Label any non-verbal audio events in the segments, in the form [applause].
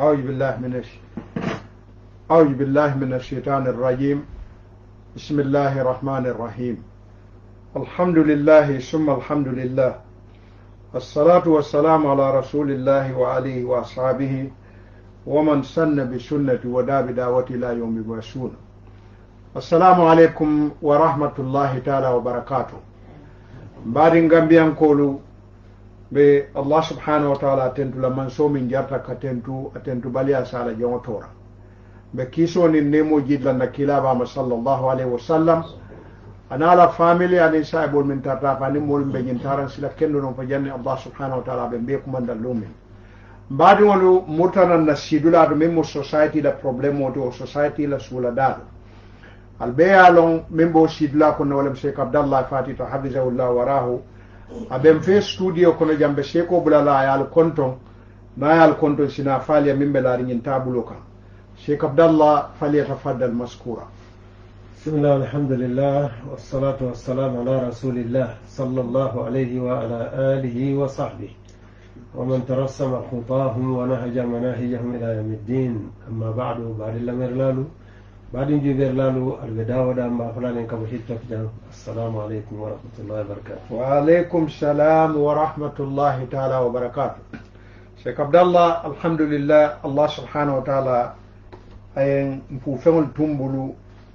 أعوذ بالله من أعوذ بالله من الشيطان الرجيم بسم الله الرحمن الرحيم الحمد لله ثم الحمد لله الصلاة والسلام على رسول الله وعليه وأصحابه ومن سن بسنة ودا بدعوة إلى يوم يبعثون السلام عليكم ورحمة الله تعالى وبركاته بعد أن قلت be allah subhanahu wa taala tentula manso min jarta ka tentu a tentubaliya sala joŋo tora be kiso nin nemo jidlanna kilabama sallallahu alaihi wasallam ana la family ani saibol min tarta fa ni mol be taran sila kendo non fa janni allah subhanahu wa taala be be kumanda lumi mbadi wolu murtana na sidula do memo society da problem o do society la sula dado albe alon bo sidula ko no wala sheikh abdallah fati to hafizahullah warahu aɓen fe studio kono jambe seko bulala yal konton na yal konton sina faliya min ɓe laariñin tabulo kan sheikh abdallah falyatafaddal maskura بسم الله والحمد لله والصلاة والسلام على رسول الله صلى الله عليه وعلى آله وصحبه ومن ترسم خطاهم ونهج مناهجهم إلى يوم الدين أما بعد بعد الله مرلالو بعد نجي غير لالو القداوة دام فلان كم السلام عليكم ورحمة الله وبركاته وعليكم السلام ورحمة الله تعالى وبركاته شيخ عبد الله الحمد لله الله سبحانه وتعالى أين مفوفين التنبلو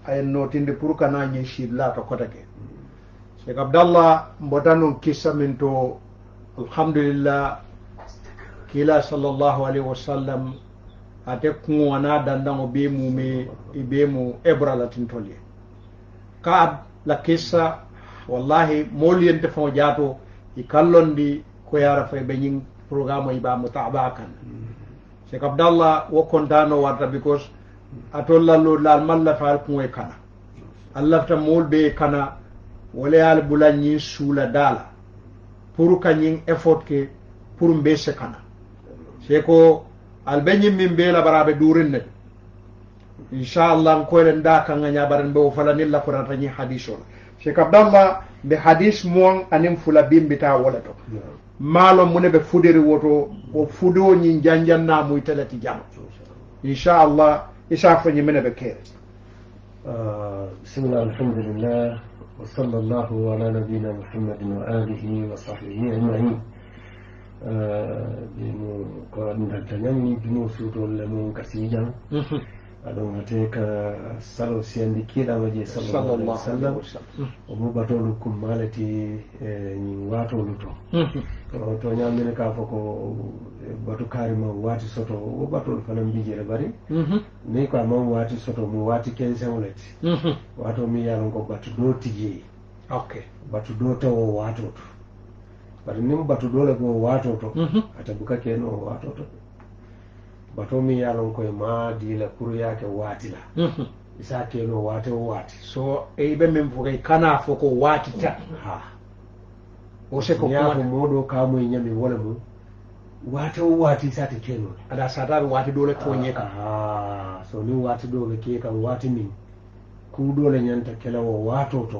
أين نوتين دي بروكا ناني لا تقوتك شيخ عبد الله مبتانو كيسا من تو الحمد لله كلا صلى الله عليه وسلم ate kuŋo wana dandaŋo be mume i be mu ebra latintol ye ka ad la kissa wallahi moolu yente faŋo jaato i kallondi koyara fa ɓe ñiŋ programme i ba mutaba kan cheikh abdallah wo contano warta because atol lallo laal mal lafa al kuŋo ye kana al lafta moolu be ye kana wala ye al bula ñiŋ suula daala pour ka ñiŋ effort ke pour mbe se kana ceko alɓe ñimmin mbe labaraɓe ɗurinne ɗe inchallah nkoyɗen da kanga ñabaren mbe o falanilla fotatañi hadis on cheikh abdallah mbe hadis mon anin fula bimbita wole to maalon mune ɓe fuderi woto o fude o ñin janjannamuy telati jama inchallah isafo ñimmine ɓe keere uh, bisimillah alhamdulillah wa sall allahu ala nabina muhammadin wa alihi wa sahbihi ajmain mo eh, ko andal tañam ni bino suutol le mo kasi jang mhm. aɗon ate mhm. eh, mhm. ka salo siyandi kiiɗama je sallallahu alih wa sallam omo batolu kummalati ñin watolu to to ñammine ka fo ko batu karima wati soto wo batolu fanan mbijere bari ni ko man wati soto mo wati kenseŋoleti wato mi yalon ko batu do tijeyi batu do tawo watoto bati nimubatudoleko watoto mm -hmm. atabuka keno watoto bato mi ye lon koye ma dila kuru yake waati la mm -hmm. isa keno waate o waati so e ɓe min fo kay kana fo ko waatita ha o se ko yafo moɗo kamoye ñami wole mum waate o waati sate kenole aɗa sataɓe waati ɗole toñe kam ha so ni waati ɗo ɓe ke kam waati min kuuɗole ñanta kelawo o waato to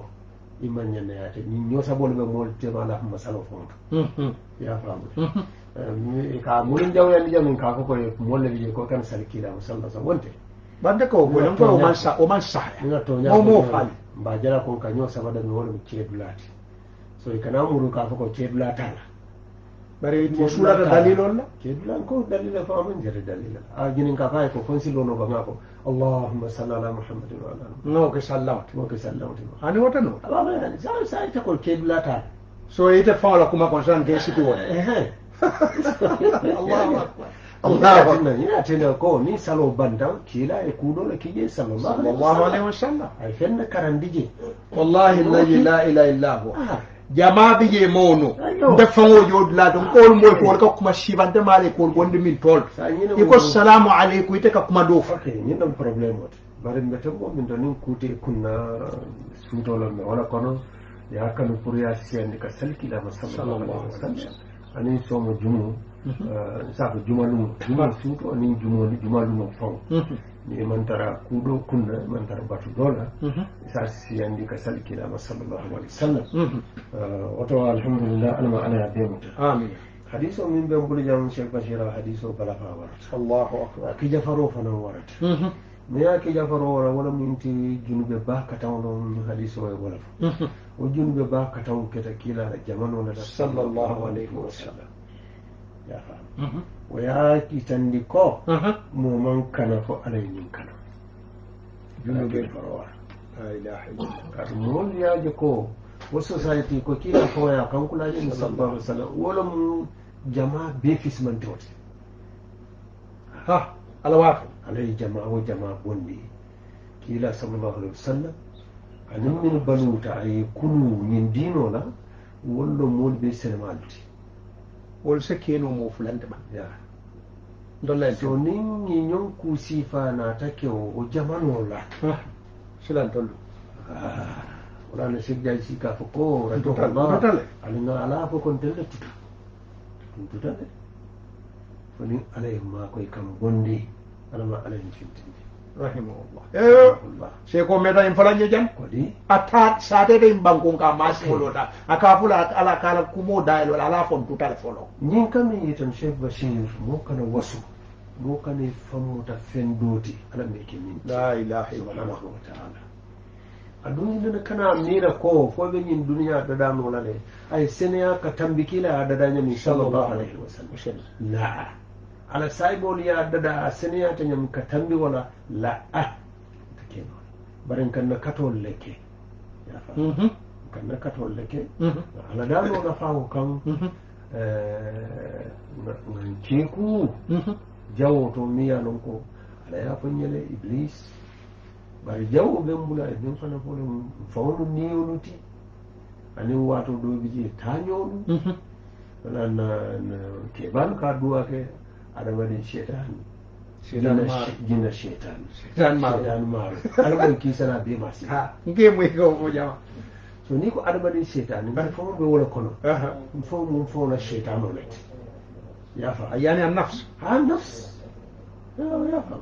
iman ñannayate ñin ñoosaɓol ɓe mool tema ma salo fonto hmm, hmm. Hmm, um, e ka mulum jawyandi jamin ka ko mo le je ko kan sali da musalla sa wonte ɓande ko wolem to oman sahya omo faali mba jala ko ka ñoo mi wolomi ceedulaati so e kana muru ka ko ceedulatala barisuurata dalilolla keddulaan kun dalila fa'aman jirre dalila ajinin ah, kakaa ko fonsiloo no bangaa ko allahumma salli ala muhammadin wa ala nooke sallawte nooke sallawte ani wota ah, no alaɓaani sa sa ite ko keddula taa so ite fawla kuma kon san ke siki wona allahu akbar ina tena ko ni salo bandan kiila e kuuɗoɗo kije sallallahu alayhi wa sallam ay fenna karandije wallahi allahi la ilaha illa huwa ah. jamaa biyyee moono ndafangoo yoo dilaadon qool mooy kool ka kuma shibante maalee kool gondi min tool iko salaamu aleykum ite ka kuma doof ñinɗon probléme ote mbaɗen mbiyete mo min ɗonin kuute kunna suudolon mi wona kono ya kanu pour ya siyandi ka salkiɗama sallallahu alaihi wa sallam anin soomo jumnu saako jumalumo jumal suuto anin jumoni jumalumo faw ni man tara kuɗo kunna man tara batuɗo la sa siyandi ka salkinama sallllahu alih wa sallam woto alhamdulillah alama alaya bemuta amina حديث من بين بول جام شيخ بشير حديث بلغا ورد الله اكبر كي جفروا فنا ورد ميا كي جفروا ورا ولا من تي جنوب با كتاو من حديث وي ولا وجنوب با كتاو كتا كيلا جمان ولا صلى الله عليه وسلم yafa mm-hmm. wa ya kitandi ko mo mm-hmm. man kana fo alay nin kana junuɓe farowa la ilaha illallah ya molyaji ko wo society ko kiila foya ya no sallallahu alih w sallam wolo mu jama be fismantewte ha ala waato alaye jama wa jama bondi kila sallallahu wa sallam anin min baluta aye kunu ñin diinola wollo moolu be senemalti wol se keno mo fulandema dolla so nin i ñon kuusi fanata ke o o jamano la silan tollu wonano ah. sigdial si sika fo ko oh, ratoholla alinga ala fo kon telle tuta ɗum fo nin fonin alaye ma koye kam bonde alama alayen fintinde rahimahullah eyo eh, sey ko meeɗa en falañe jam atta satede en ɓankunka masoloɗa aka fula ala kala kumo dayelol ala fon tutal folo ñin kamin yitan chef bachir mo kana wasu mo kane fammuta fen dooti ala ke min la ilaha illallah wa taala aɗum nana kana mira ko fo be ñin duniya la le ay seneya ka tambikila a daɗañamin sallallahu alayhi wasallam la ala sayibolu ye a dada a ta ñam ka tambi wala la a ta ke noon bari kan na katol le ke mm-hmm. kan na katol le ke mm-hmm. ala daano nafawo kam nan keeku jawo to mi ya non ko ala ya fanñele iblis bari jawo ɓen mbula e ɓen fana fole fawnu niyoluti Ani wato ɗo biji tañolu wala mm-hmm. na keɓalu ka duwa ke على ولي الشيطان جن الشيطان شيطان مارو شيطان مارو على ولي كيسنا بيماسي ها نجيم ويكو جماعة so ni ko adamaden setani mbaɗa fof ɓe wona kono ɗum fof mum fof wona cheytan o natti yafa yani a nafs ha nafs yafam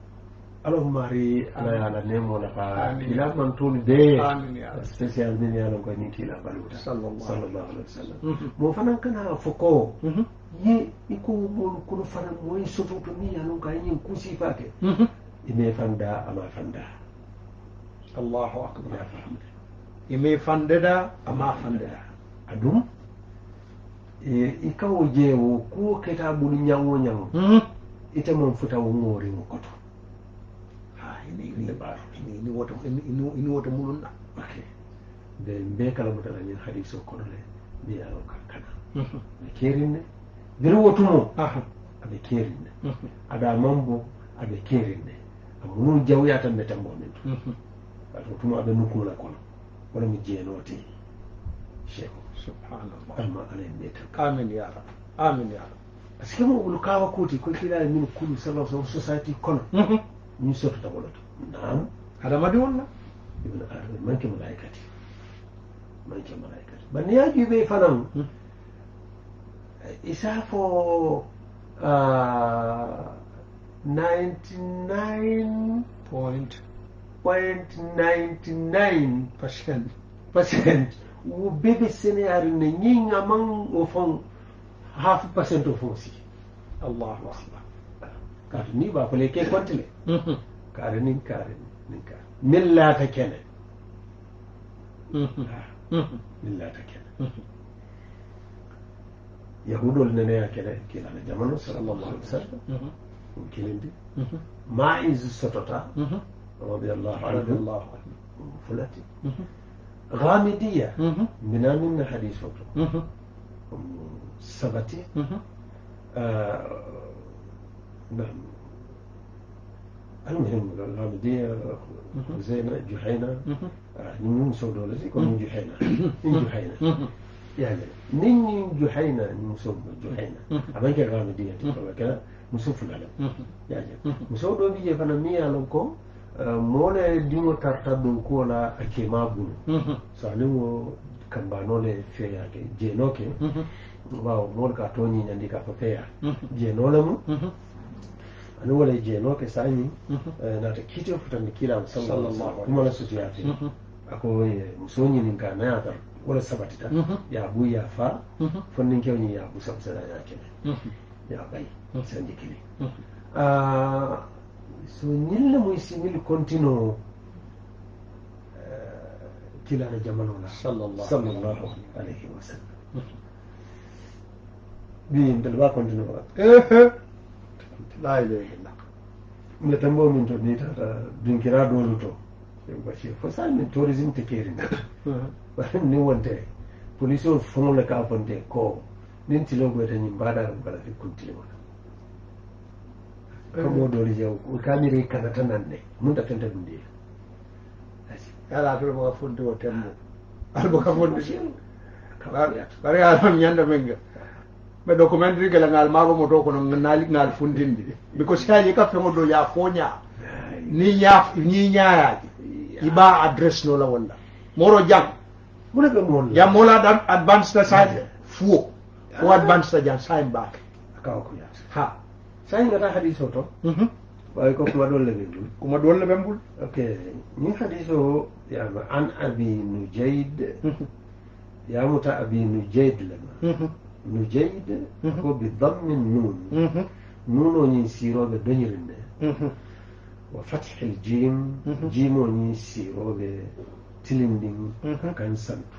alon mari ala ye ala nemo nafa kila mantolu bee spécial min ye alon ko nin kila baluta sallallahu alaihi wasallam mo fana kana fo ko mhm. ye i ko moolu kono fana moyi sototo miŋ ye alon ko ayin kusifa ke mhm. ime fanda ama fanda allahu akbar ime fandeda ama fandeda adum e, i kawo wo kuwo keta bulu ñawo ñaŋ ite mon futa wo ŋoori koto ni woto ini woto mulun na de mbe kala mutala ñin haɗi konole mbiyaro ka kana ɓe kerinne nder wotumo aɓe kerinne aɗa mambo aɓe kerinne amma nun jawya tan ɓe to aɓe nukkumola kono wala mi jeenote cheikh subhanallah alma ala amin ya rab amin ya par ce que mo wolo kawa kooti ko kiɗani min kulu sallah sallam society kono min mm-hmm. sottotamo noto na'am hada ma duk wannan ibn arabi manke malaikati manke malaikati ban ya ji bai fanan hmm. isa fo 99.99% uh, percent Percent. wo bebe sénéari ne ñiŋ amaŋ wo faŋ half percent o fonsi allahu akbar K'a ni ba ko le ke konti le mm-hmm. kaare niŋ kaare niŋ kaare miŋ laata kele miŋ laata kele yahudol neneya kele kilala jamano salallahu alih wa sallam um kilindi ma isu sotota radiallahu anhu fulati غامدية منا من حديث فطر سبتي نعم المهم العابدية زينة جحينة نمون سودولة زي كون جحينة جحينة يعني نين جحينة نمسوب جحينة أما كي العابدية تقول كذا نسوف العلم يعني مسودو بيجي فانا مية لكم mole dingo tarta ɗum kuwola ake mabuno so animo kambanole feyake jeenoke waw mole ka to ñiñandi ka fo feya jeenole mum ani mhm. eh, mhm. eh, wala jeno ke sani nata kite futan kila sallallahu kuma na sutu yake ako muso nyinin ka naya yata wala sabatita mhm. ya bu ya fa fonnin kyau ni ya bu sabsa da yake ya bai san dikili a ah, so nyilla mu isimil continuo eh, kila na jamalona sallallahu alaihi wasallam bi ndalba continuo eh la ilaha illallah mle tambo min to ni tata dinkira dolu to bashir fo sa min tourism te keri ni wonte police o fongo le ka fonte ko nin tilo go tan yin bada ran bala fi kunti wala kamo doli jaw ko kamire kana tanan ne mun ta tanta dum dia ala to mo fonte o temmo albo ka fonte bari ala mi nyanda menga me documentary gele ngal ngal ngal fundindi because ka ya fonya ni ya ni iba address no la wonda moro jang mona ko mon ya mola dan advance side o advance jang sign back ka ko ya ha sign ngata hadiso to mhm ko kuma kuma okay ni hadiso ya an abi nujaid ya muta abi nujaid lama nujayd ko mhm. bi dhammi nun mhm. nun o ñin siiroɓe dañirinde mhm. wa fathi l jim jim o ñin siiroɓe tilindin kan santu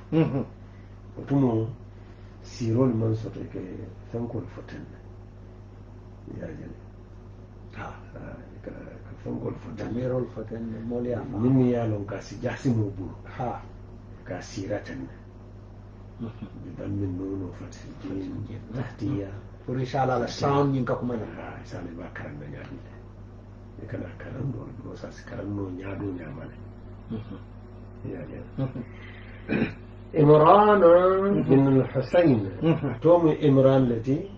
otumo siirol man soto ke fenkol fotenne yajene ah. ah, ka fenkol fotennerol fotenne molyama min mi yalon ka si jahsimo buru ka siiratenne por inshallah la sound ñing ka kumana sale ba karan na nyaadi e kana karan do do sa karan no nyaado nyaamale yaade imran bin al-husayn tom imran lati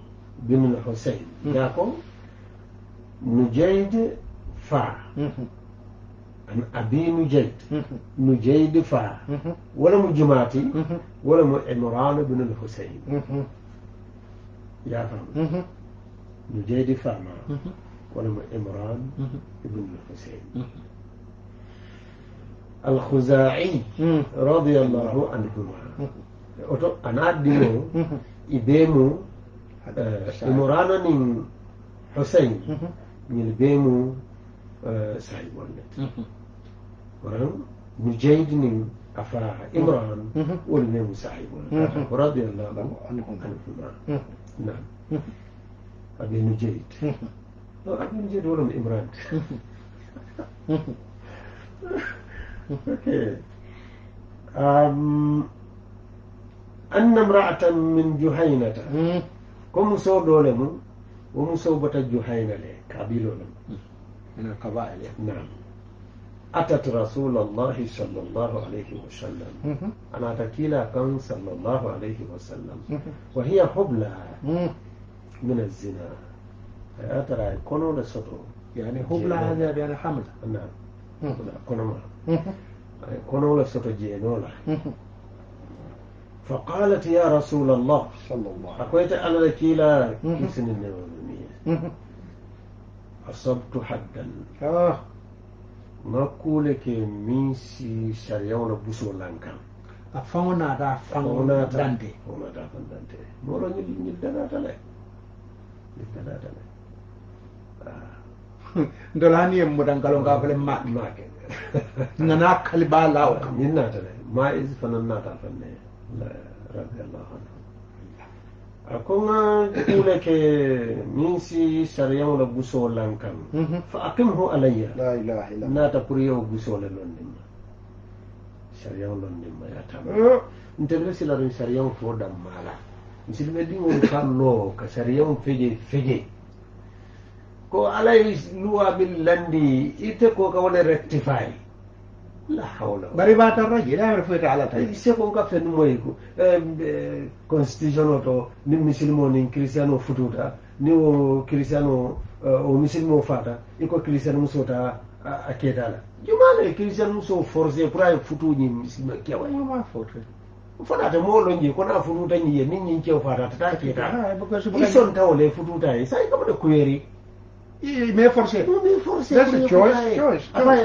bin al-husayn dako mujayd fa أبي نجيد نجيد فا ولا مجماتي ولا عمران بن الحسين يا فهم نجيد فا ما ولا عمران بن الحسين الخزاعي رضي الله عنهما أنا أدينه إبيمو آه، عمران بن حسين من بيمو آه، سعيد والجيد من أفا إمران والميم صاحبه رضي الله عنهم نعم أبي نجيد أبي نجيد ولا من إمران أوكي أم أن امرأة من جهينة كم سو دولم ومسو بتا جهينة لك قبيلة من القبائل نعم أتت رسول الله صلى الله عليه وسلم أنا تكيلا كان صلى الله عليه وسلم وهي حبلى من الزنا أترى كونو لسطو يعني حبلى هذا يعني حمل نعم كونو نعم. كونو لسطو جينولا فقالت يا رسول الله صلى الله عليه وسلم أكويت أنا تكيلا كيسن النوم أصبت حدا آه ŋa kuule ke miŋ si sariyaŋo la busoo laŋ kaŋ a faŋo naata a faŋo dante o naata a dante moolo ñil ñil danaata le ñil danaata le ndola hani ye mudankalo ngaa fele maake maake ŋa naa kalibaa laawo kaŋ ñiŋ naata le maa isi fanaŋ naata a faŋ ne radiallahu anhu a ko n ka kule min si sariyaŋo la gusoo lan kaŋ mhm. fa akimhu alayya naata pour yewo gusoo le londinma sariyaw londinma yatama mm. ntelle silarin sariyaw fo dammala misilɓe ɗiŋol ka loo ka sariyaŋo feje feje ko alay luwa min landi ite ko ka wone rectifye la hawla bari bata raji la yamar foyta ala tay seko ka fen moy ko constitution oto ni muslimo ni cristiano fututa ni o cristiano o muslimo fata iko cristiano musota a ketala jumala cristiano muso forcé pour ay futu ni muslimo kewa ma fotu fonata moolo ñi kono a fututa ñi ye ni ñin cew fata tata keta ison tawle fututa ka sa de kuyeri mais forcé no min forcé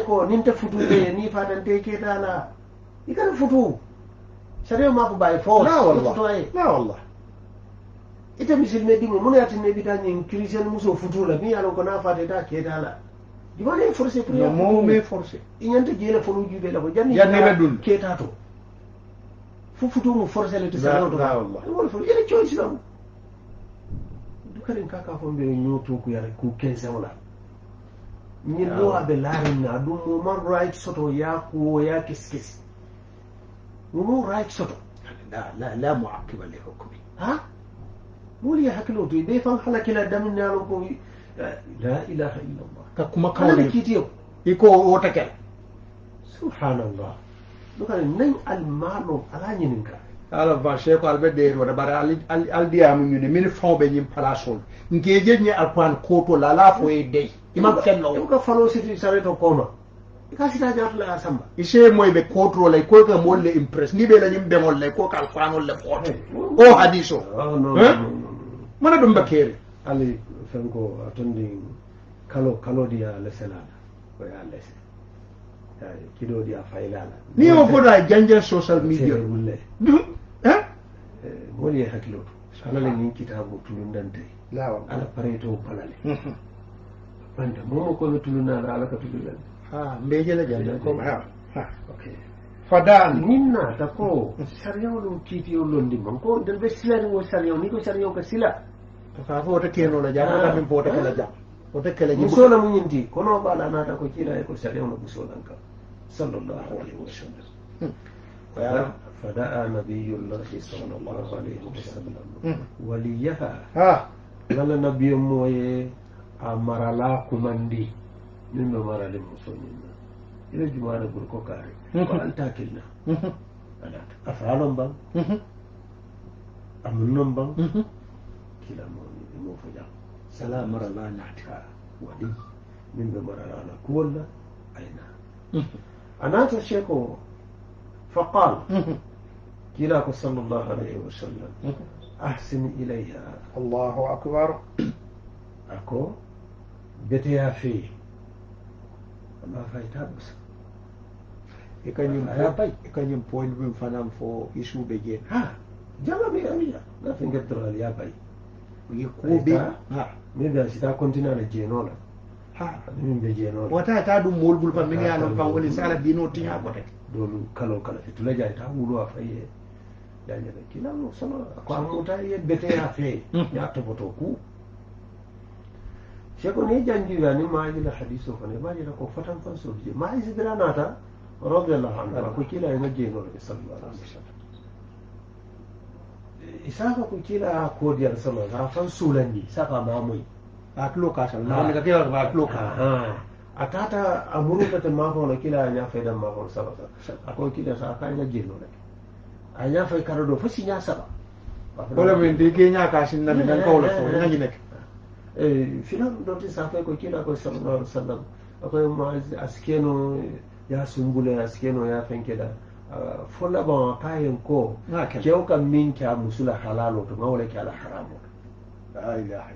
ko nin te futu de ni fatante ketala i kana futu sadio mako baye fofutu aye la wallah ite misilme ɗiŋo mun yatinne bita ñiŋ christian muso futu la miŋ ye lon ko na fata la dimana ye forcé pour yame forcé i ñanta jeela folo juube la ko jannibe dun keta to fo futu forcé le ti sadio to wala fo ite choice lamu karin ka ka fon bere nyoto ku yare ku kenzewla ñin no abe laarin na du muman right soto ya kuwo ya kiskis mumu right soto la la la muaqiba li hukmi ha muli ya hakilo to be fan hala kila damin na ko la ilaha illa allah ka kuma kawai kitiyo iko wata kala subhanallah dukan nan almalo ala ñinin ka ala vanshe ko albe de wada bara al al diya mu ñu ne min fon be ñim palasol nge je ñi alquran ko to la la fo e dey imam ken law ko falo siti sabe to kono ka sita jaatu la samba ise moy be ko to lay ko ka mo le impress ni be la ñim demol lay ko ka alquran le ko o hadiso mana dum bakere ali fenko attending kalo kalo dia lesenala ko ya lesen Eh, kiɗo ɗi a faylala ni o foto a janjal social media wulle woni ye hakkilo to ala alale ñin kitabu tulundante ala pareto palale mm-hmm. anda momo koɓe tulunala ala ka tululande mbejele janjal ko fadan min naata ko sariyaw lo kiitiyo londimam ko nden ɓe silaniwo sariyaw ni ko sariyaw ka sila ka fo wota kenola jam wota min fo wota kala jam wota kala jam musola muñinti kono ɓala naata ko kiila ko sariyaw no musolan kam صلى الله عليه وسلم فدعا نبي الله صلى الله عليه وسلم وليها لنا نبي موي أمر لا كماندي من ممر المسلمين إلى جمعنا بركو كاري وأنت تاكلنا أفعالهم بان أمنهم بان كلا مو فجأة سلام مر لا نعتها ولي من ممر لا نقول أين أنات الشيخ فقال كلاك صلى الله عليه وسلم أحسن إليها الله أكبر أكو بيتيا في ما فايتها بس كان يم بوين بوين فنان فو يشو بيجي ها جابا بي أمي لا فنجد رغل يا باي يقو بي ها ماذا سيدا كنتنا نجينونا ha min ɗum molgol pa min yaalon pangoli so ala dino tiña ko tati dolu kala kala e tula jay ta wuulo a fayi e jañata kinano sono ko ankuta yen beteya fee hmm. ya topoto ku seko ne jangira ni maajila hadiso fane maajila ko fatan fan soje maaji sidira nata radiallahu anhu ala ko kila ena jeenoɗo e sallallahu alih wa isaka ko kila a koodiyal sa fan suulandi saka mamoyi atloka sal ah. ah, ah. na ni kake ba atloka atata amuru ta ma ko kila nya faidan ma ko saba ako kila sa ka nya jelo ne anya fai karo do fusi nya saba wala min de nya ka sin nan eh, nan eh, ko la eh, so nya ne eh filan do ti sa ko kila ko sallallahu alaihi wasallam akoy ma askeno ya sumbule askeno ya fenkeda Uh, fo laban kayen ko kew ka min ke a musu la halalo to ŋa wo le a la haramo la ilaha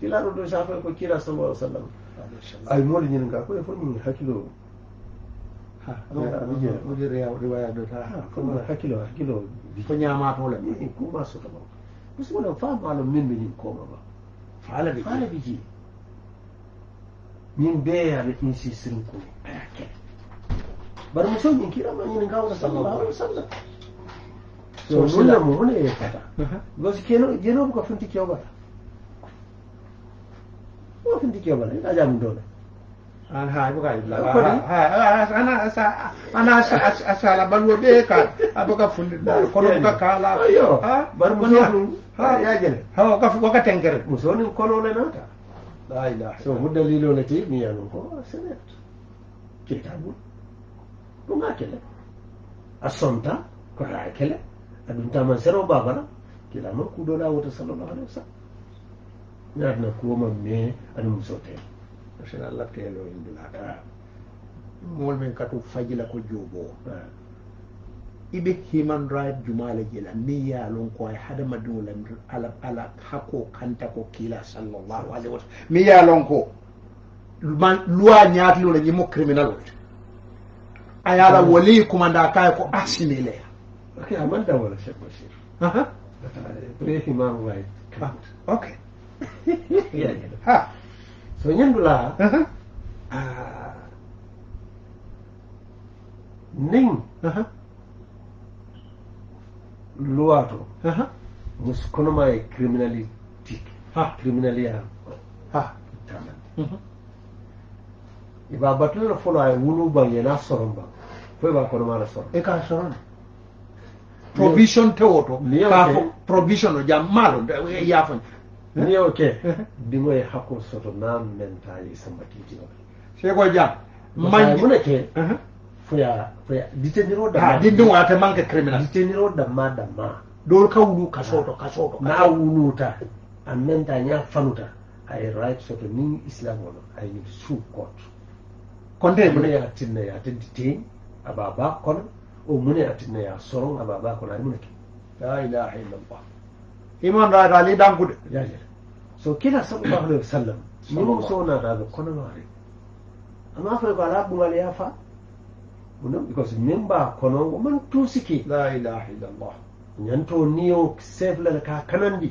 kilaro ɗo safoy ko kira sallah sallam ay moɗo ñinen ga koye fof ñin hakkilo hakkilo hakkilo ko ñamatole kuma sotoma musimono famalo min ɓe ñin komama faala faala ɓe jii ñin beeyaɓe insistirin koye ayake bara muso ñin kirama ñin gawra sallallahu alih wa sallam so nullamo hone e fata gosi keno jenoɓe ko funti kewgata 뭐 흔들겨버려, 나자면 እንደ오네. an haibuka ibla ana sa ana asala balwo be ka abuka fundi kono ka kala ayo bar muso ha ya gele ha ka fu ka tengere muso ni kono le nata la ilaha so mudda lilo le ti mi yanu ko senet kitabu bunga kele asonta ko ra kele adun ta man sero babala kila mo kudola wota sallallahu alaihi wasallam ne atana kuwoma me ani muso te sina mool men katu fajila ko joobo ah. i human right juma le je la miŋ ye a loŋ ko a ye hadamadiŋo la ala, ala hakkoo kanta ko kiila salallahu alaihi wa sallam mi ye a loŋ ko luwa ñaatilo la ñiŋ mu criminalol a ye a la ah. wali kumanda ka ko asini le ok a maŋ dawo la chekh bashir pre human right ok iya gitu ha soalnya dula ah ning luwa to muskonoma e criminalitique criminaliya tamande i b'a batulera folo a ye wulu ban ye n'a sɔrɔ ban b'a kɔnɔma la sɔrɔ e k'a provision tɛ o to k'a fɔ provision o ja maa lo niyo ke bimo e hakko soto nam men tayi samba kitino sego jam man mune ke foya foya diteniro da ha dindin wata manka criminal diteniro da ma da ma dol ka wulu ka soto ka soto na wuluta amen ta nya fanuta ay right soto ni islam wono ay ni su court konde mune ya tinna ya tindite ababa kono o mune ya tinna ya soron ababa kono ay mune ke la ilaha illallah iman ra ra li dangude ya ya so kila sallallahu alaihi wasallam ni muso na da kono mare amma fa ba la bunga le yafa munam because memba kono man tusiki la ilaha illallah nyanto niyo save la ka kanandi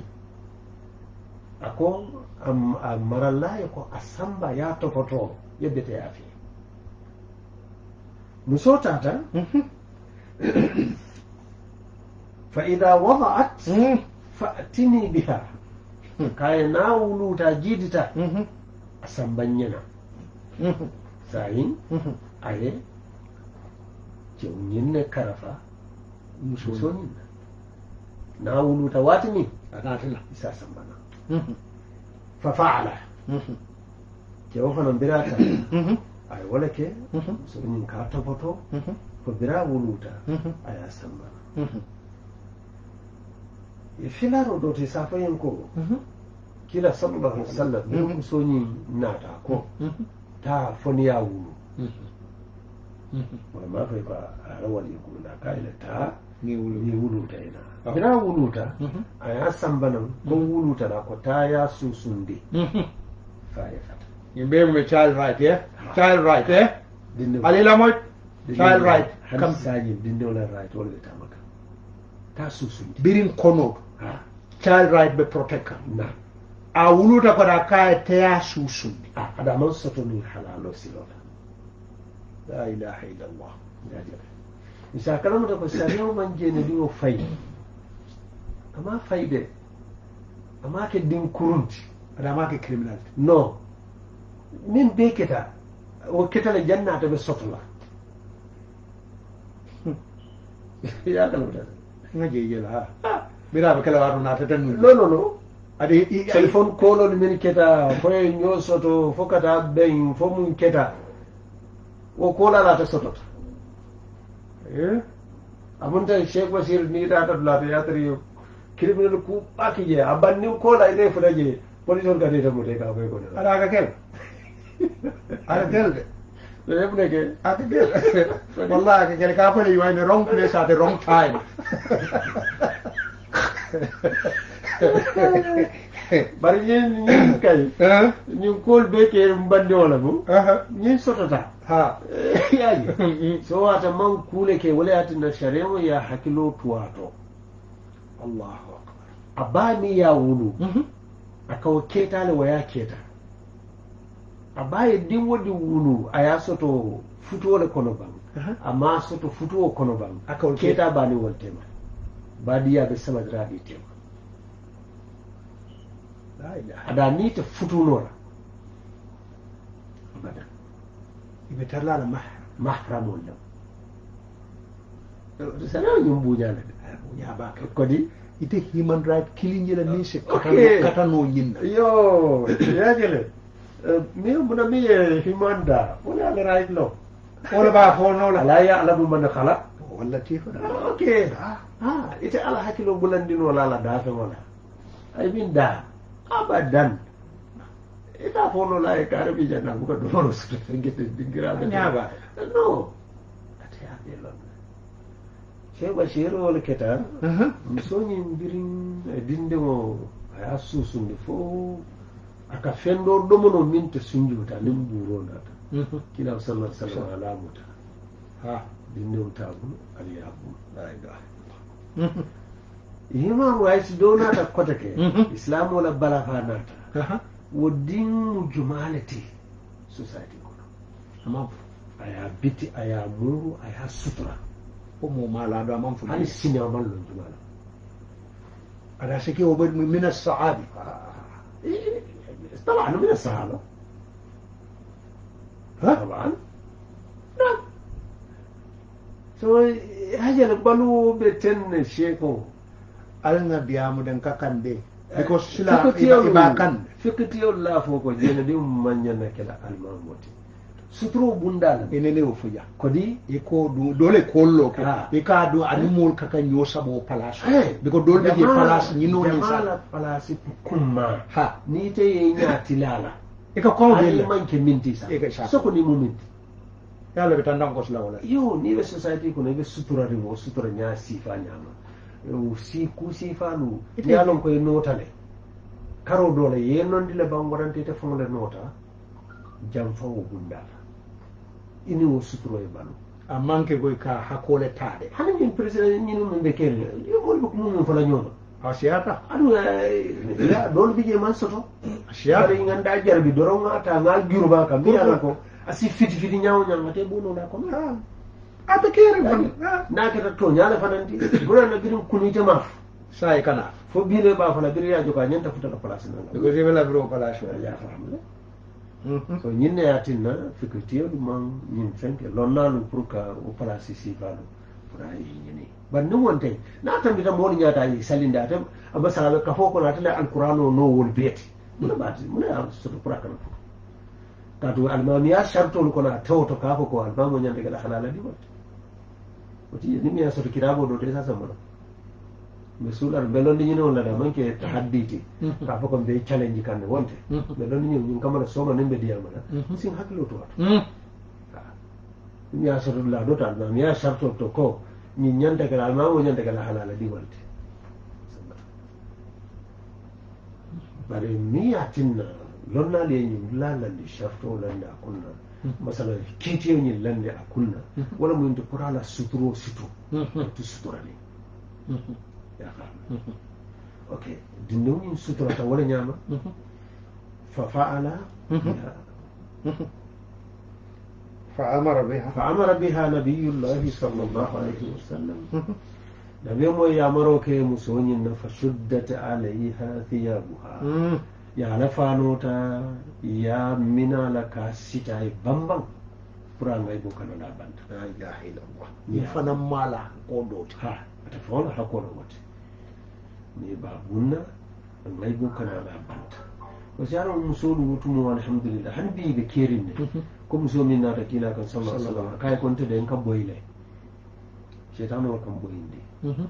ako am maralla ko asamba ya to foto yebbe te yafi muso mhm. fa idha wada'at mhm. fa'tini biha kaye na wuluta jidita. a sambanñana sayin aye jewñin ne karafa musosonin na wuluta watini anatila isa sambana fafaala kewo fana birata aye wala ke Musonin ka topoto ko bira wuluta aya sambana filaro do te safa yen ko mhm. kila sallallahu alaihi wasallam ne ku so ni mhm. nata ko mhm. ta foni ya wulu wa ma fa ba rawal yiku k'a kaila ta ni wulu ni wulu ta ina bina oh. wulu ta a ya sambana ko wulu ta da ko ta ya susunde fa ya fata in be mu child right eh child right eh alila mo child right kam sajin dindola right wala ta maka ta susunde birin kono child right be protect na a wuluta koda kaya teya susundi ada man soto ɗum halalo silola la ilaha illallah isa kalamata ko sariyaw man jeene ɗi o fayi ama fayde amake din kurunti aɗa amake criminalité non min be keta o ketala jannata ɓe sotola ya kalamata ga jeejela ha biraɓe kala wato natata ni no non non aɗa téléphone kolol min keta ko foye ñosoto fokata ɓen fo mun keta wo kolalata sotota amunta sheikh basir ni ta la ɗatatulata yatari criminel ku baki je a bannin kola ite fota je police on kadeta mute ka koye kone aɗa aka kel aɗa kel de ɗeɓne ke aka kel wallah aka kel ka fone yiwayne wrong place at the wrong time [laughs] bari ñeen ñin kay ñin kool beke mbande wala bu ñin sotota ha [laughs] yaaji mm, mm. so wata man kuule ke wala yatinna shareo ya hakilo tuwato allahu akbar a baani ya mm-hmm. wulu a kawo wa waya keta a baye din wodi wulu a ya soto futuwole kono ban amma soto futuwo kono ban keta baani woltema baadiya ɓe samandiraɓe tema aɗa ni to futunola abadan iɓe tarlala mahram mahram on ɗam sana ñum ɓuñana ɓuñabaka ah, kadi ite human right kilinjela ah, ya eh, ni se katano ñinna yo yajele mi buna mi human da wona le right law ona ba fonola ala ya ala ɗum man kala walla tiifaɗa ok a ite ala hakkilo bulandinola ala la ay min da abadan ita fonola e kaare mi janna buka domaro soto gete diggiraɓe ñaaba non ate aɓe londa cheikh bachir keta mi soñin birin eh, dindeŋo aya suusundi fo aka fenɗo ɗomono min te sunjuta nin ɓuronata mhm. kilaw sallah sallam alamuta ha limnewtaagum aliyakum ayiga hima ways dow naata kote ke islam wala bala fa naata wo dinmu jumaleti society kono ama aya biti aya muru aya sutura o mo ma laado aman fu hani sini aman lon jumala ada siki o be min as-sa'abi طبعا من الصحابه طبعا so hajal balu be ten sheko alanga biamu den de eh, because shila iba kan fikitiyol la fo ko jene di manya na kala almamoti suturo bundal enene o fuja kodi e ko du dole kollo ke ah. e ka do animol kaka nyosa bo palas eh. be ko dole be palas ni no ni sa palas kumma ha ni te yenya tilala e ka ko dele man ke minti e ka sha so ko ni muminti ye a lobe tandan yo ni be society kono i be suturariŋ wo sutura ñaa siifa ñaama si ku siifaalu a loŋ ko ye noota le karoo doo la ye nondi le baŋwaranta ite faŋo le noota janfa wo bunda la i niŋ wo suturo ye balu a ka hakkoo le hani ñiŋ président ñinu meŋ be kele yo moolu be kumu meŋ fala ñoo ma a siyata aɗum eh, doolu bi jee man soto siyata nganndaa jarabi doroŋ ŋa taa ŋa juruba kam miŋ ala asi fiti fiti ñaw ñanga te ɓuno na kono ha ata kere fan na keta to ñala fananti ɓurana birin kunite maf sayi kana fo bire ɓa fana biri ya joka ñanta futata place nanga ko rewela biro place ya fahamde mhm. so ñinne ya tinna fikirtiyo ɗum man ñin fenke lonnalu pour que o place sifalu pour a ñini bari ni wonte na tambita moolu ñaata yi salinde ata aba saabe kafo kono atale alqouran o no wol beete muna ɓaati muna ya soto pour a kana fo ya sharto ko kono a to ka ko almamo ñande geɗa hana ala ɗimol oti ni ya soto kirabo ɗo te sasa mono mi suuɗata mbeɗon ɗiñine man ke manke hadditi ka fo ko be challenge kamɓe wonte mbeɗon mhm. ɗiñi min kamana soma mhm. mhm. ni mbe ndiyal sin hakkilo to wato miya soto la do ta ya sharto to ko ni nyande geɗa almamo nyande geɗa hana la ɗimolte bare miya tinna lonna le ñin lalandi charto lande a kunna masala ketiyo ñin lande a kunna wala muyinte pour ala suturo sutu tu suturani yakar ok dindew ñin suturata wala ñama ففعل بها فأمر بها فأمر بها نبي الله صلى الله عليه وسلم نبي مو يامرو كي مسوني فشدت عليها ثيابها yala fanota ya mina la ka sita e bambang puranga e bokano na banta la ilaha illallah ni fana mala ko dota ha ta fona ha hakono wote ni babunna Allah ibo kana na banta ko wasu yaron mutum mutumu alhamdulillah han bi be kerin ne [laughs] ko muso min na ta kila kan sallallahu alaihi wasallam kai kon ta da yankan boyle shetanu kan boyin ne mhm.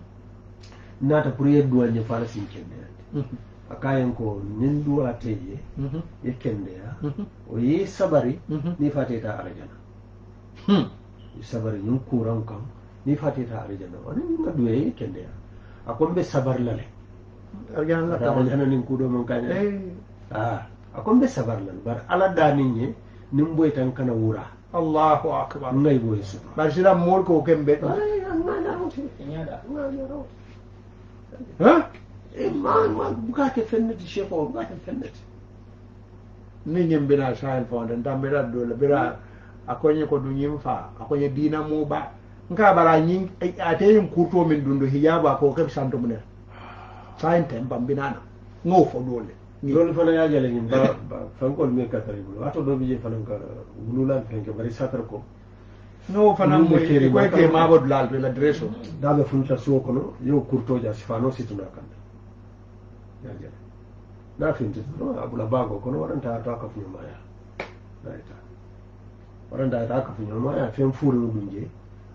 na ta furiyar duwan ya fara sinkin ne mhm. akayen ko nin duwateje ye mm-hmm. kendeya mm-hmm. o ye sabari mm-hmm. ni fateta arajana hmm. i sabari ñin kuran kan ni fateta arajana wani ninga duwe ye kendeya a kon be sabar lale arajana nin kudo man kaña a a ah, kon be sabar lale bar ala danin ye nin boytan kana wura allahu akbar ngay boye suba bar sila mool ko kembe ha man buka ke fenneti sheikho buka ke fenneti ni ñem bina sahel fonde ndam bira dole hmm? bira akonye ko du ñim fa akonye dina mo ba eh, nka bara ñin ate yin kurto min dundo hijaba ko ke santo mun sain tem bam binana ngo fo dole lolu fana ya jale ñim ba fankol mi ka tari bulu ato do bi je fanan ka wulula fenke ko ke ma ba be la dreso daga funta suwo kono yo kurto ja sifano situna kanda Hmm. na fintitano abula bago kono waranta to aka fuño maya nayita waranta ta aka fuño maya fen fuurinu ɗum je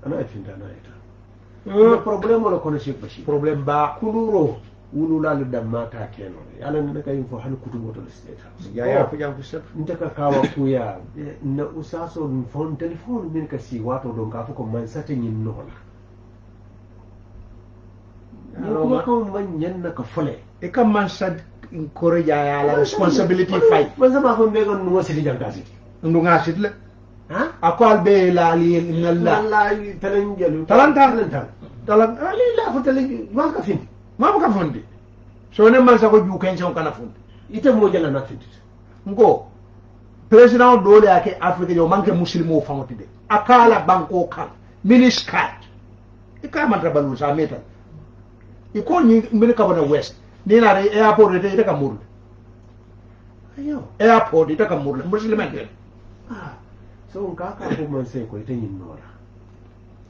ana e finta nayita probléme ola kono chek bachir probléme ba kuluro wululaali damma ta keno yala nene kayin fo hani kutubotol state nte ka kawa kuya eh, na usasol fon téléphone min ka si wato ɗon ka fo ko man sate ñin noola e man sa ya la responsibility sama ko gon sidi ndu nga ha akol be la li nalla talan talan talan ali la ko ma ka fin ma so ne man sa ko ju kana ite mo na ngo dole ake yo manke muslimo akala banko kan miniskat ikama trabalu sa metal i ko ñi ka bone west ni na de airport de ita ka murle ayo airport ita e ka murle muslimen de ah so ka ka ko man se ko ita ñin nora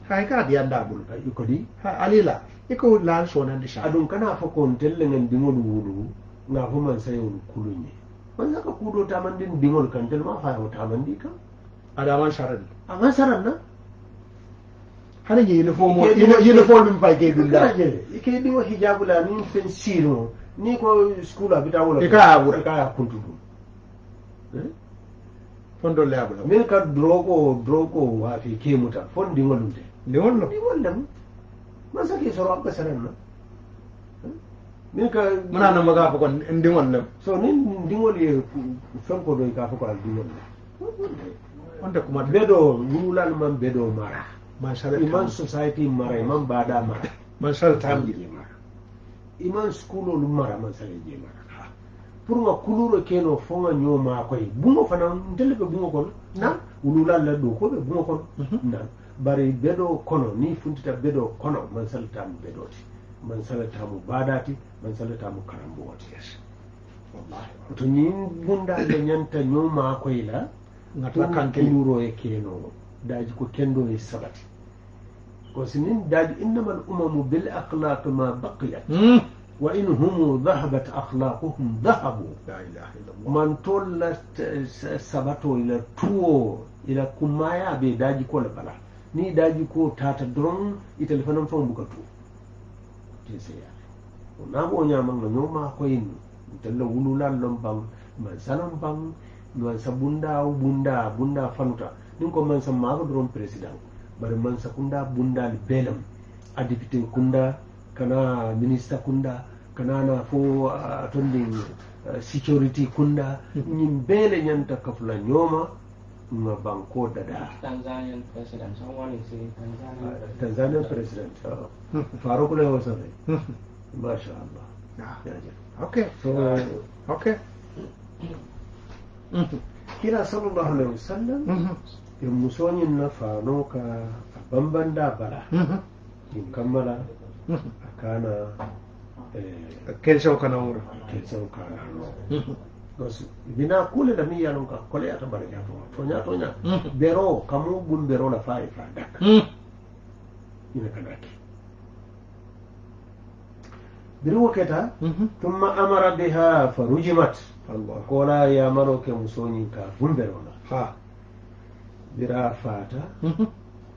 hay e ka di anda bul e ko di ha alila iko lan sonan de sha adun kana fa ko telle ngen dingol wulu na ko man se wulu kulunye wanda ka kudo tamandin dingol kan tel ma fa ho tamandi ka adaman sharan aman sharan na hana je uniform uniform min pay ke dunda ike di wa hijabu la min fen sino ni ko school abita wala ka abura ka kuntu eh? fondo le abula min ka drogo drogo wa fi ke muta fondi wolunde le wollo di wollam ma sake soro abba sanan eh? min ka muna nan maga fa kon ndingol lam so ni ndingol ye ko do ka fa ko al ndingol wonde kuma bedo wulal man bedo mara iman society mara iman baada mara masal mara iman school lu mara masal mara pour nga kuluro keno fonga nyo ma koy bungo fana ndele be bungo kono na ulula la do ko be bungo kono mhm. na bari bedo kono ni funtita bedo kono masal tam bedo ti masal tamu karambo yes wallahi to bunda le nyanta nyo ma koy la ngata kan kuluro e keno daji ko kendo e sabati وسنين داد إنما الأمم بالأخلاق ما بقيت وإن هم ذهبت أخلاقهم ذهبوا لا إله إلا الله من تولت سبتو إلى تو إلى كمايا بداجي كل بلا ni daji ko tata dron ita lafanan fon buka to ke sai ya na go nya man no ma ko yin dalla wulula lon bang man sanan bang no sabunda bunda bunda fanuta din ko man san ma ko dron president bari mansa kunda bundal belam a député kunda kana ministre kunda kana na fo uh, uh, security kunda ñin hmm. bele ñanta kafula ñooma nga banko dada tanzanian president someone is uh, saying tanzanian president sabe masha allah yeah. okay so uh, okay hmm. kila sallallahu alaihi wasallam hmm yommusoonyin nafa a abamban daabara hin mhm. kammala mhm. a eh, kensew kana wura kensew kana gosu mhm. bina kule da miya nonka kole ata barja to tonya tonya bero kamu bun bero la fai fa dak ina kadaki biru keta thumma amara biha farujimat Allah kola ya maro ke musonyin ka bun bero la bira fata